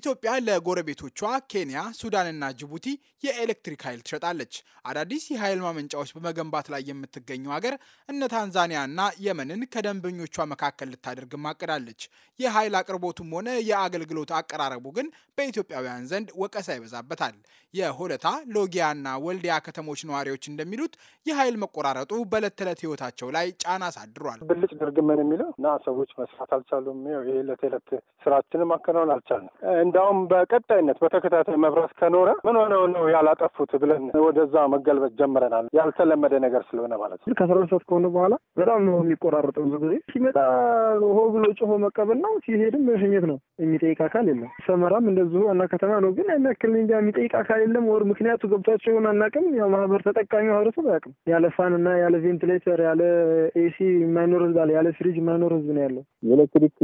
ኢትዮጵያ ለጎረቤቶቿ ኬንያ፣ ሱዳንና ጅቡቲ የኤሌክትሪክ ኃይል ትሸጣለች። አዳዲስ የኃይል ማመንጫዎች በመገንባት ላይ የምትገኘው ሀገር እነ ታንዛኒያና የመንን ከደንበኞቿ መካከል ልታደርግ ማቅዳለች የኃይል አቅርቦቱም ሆነ የአገልግሎት አቀራረቡ ግን በኢትዮጵያውያን ዘንድ ወቀሳ ይበዛበታል። የሆለታ ሎጊያና ወልዲያ ከተሞች ነዋሪዎች እንደሚሉት የኃይል መቆራረጡ በዕለት ተዕለት ህይወታቸው ላይ ጫና አሳድሯል። ብልጭ ድርግመን የሚለው እና ሰዎች መስራት አልቻሉም። ይህ ዕለት ስራችንም ማከናወን አልቻልንም። እንዳውም በቀጣይነት በተከታታይ መብራት ከኖረ ምን ሆነው ነው ያላጠፉት ብለን ወደዛ መገልበጥ ጀምረናል። ያልተለመደ ነገር ስለሆነ ማለት ነው። ከአስራ ሁለት ሰዓት ከሆነ በኋላ በጣም ነው የሚቆራረጠው። ብዙ ጊዜ ሲመጣ ሆ ብሎ ጮሆ መቀበል ነው፣ ሲሄድም መሸኘት ነው። የሚጠይቅ አካል የለም። ሰመራም እንደዚሁ ዋና ከተማ ነው፣ ግን ያን ያክል እንጃ የሚጠይቅ አካል የለም። ወር ምክንያቱ ገብቷቸው አናውቅም። ያው ማህበር ተጠቃሚ ማህበረሰብ አያውቅም። ያለ ፋን እና ያለ ቬንትሌተር ያለ ኤሲ የማይኖር ህዝብ አለ፣ ያለ ፍሪጅ የማይኖር ህዝብ ነው ያለው። የኤሌክትሪክ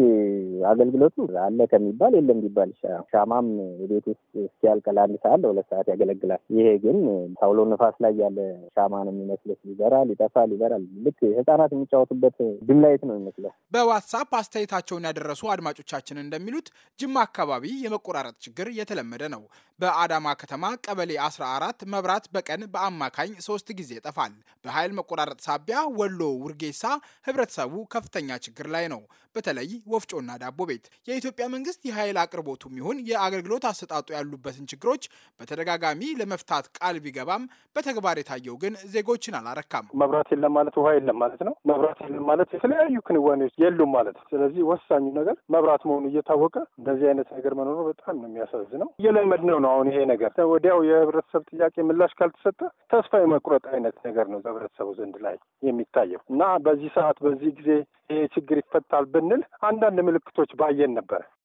አገልግሎቱ አለ ከሚባል የለም ቢባል ይሻላል። ሻማም የቤት ውስጥ እስኪያልቅ ለአንድ ሰዓት ለሁለት ሰዓት ያገለግላል። ይሄ ግን ታውሎ ነፋስ ላይ ያለ ሻማ ነው የሚመስለው። ይበራል፣ ይጠፋል፣ ይበራል። ልክ ህጻናት የሚጫወቱበት ድምላይት ነው ይመስላል። በዋትሳፕ አስተያየታቸውን ያደረሱ አድማጮቻችን እንደሚሉት ጅማ አካባቢ የመቆራረጥ ችግር የተለመደ ነው። በአዳማ ከተማ ቀበሌ 14 መብራት በቀን በአማካኝ ሶስት ጊዜ ይጠፋል። በኃይል መቆራረጥ ሳቢያ ወሎ ውርጌሳ ህብረተሰቡ ከፍተኛ ችግር ላይ ነው። በተለይ ወፍጮና ዳቦ ቤት የኢትዮጵያ መንግስት የኃይል አቅርቦቱ ይሁን የአገልግሎት አሰጣጡ ያሉበትን ችግሮች በተደጋጋሚ ለመፍታት ቃል ቢገባም በተግባር የታየው ግን ዜጎችን አላረካም። መብራት የለም ማለት ውሃ የለም ማለት ነው። መብራት የለም ማለት የተለያዩ ክንዋኔዎች የሉም ማለት ነው። ስለዚህ ወሳኙ ነገር መብራት መሆኑ እየታወቀ እንደዚህ አይነት ነገር መኖሩ በጣም ነው የሚያሳዝነው። እየለመድ ነው አሁን ይሄ ነገር ወዲያው የህብረተሰብ ጥያቄ ምላሽ ካልተሰጠ ተስፋ የመቁረጥ አይነት ነገር ነው በህብረተሰቡ ዘንድ ላይ የሚታየው እና በዚህ ሰዓት በዚህ ጊዜ ይሄ ችግር ይፈታል ብንል አንዳንድ ምልክቶች ባየን ነበረ።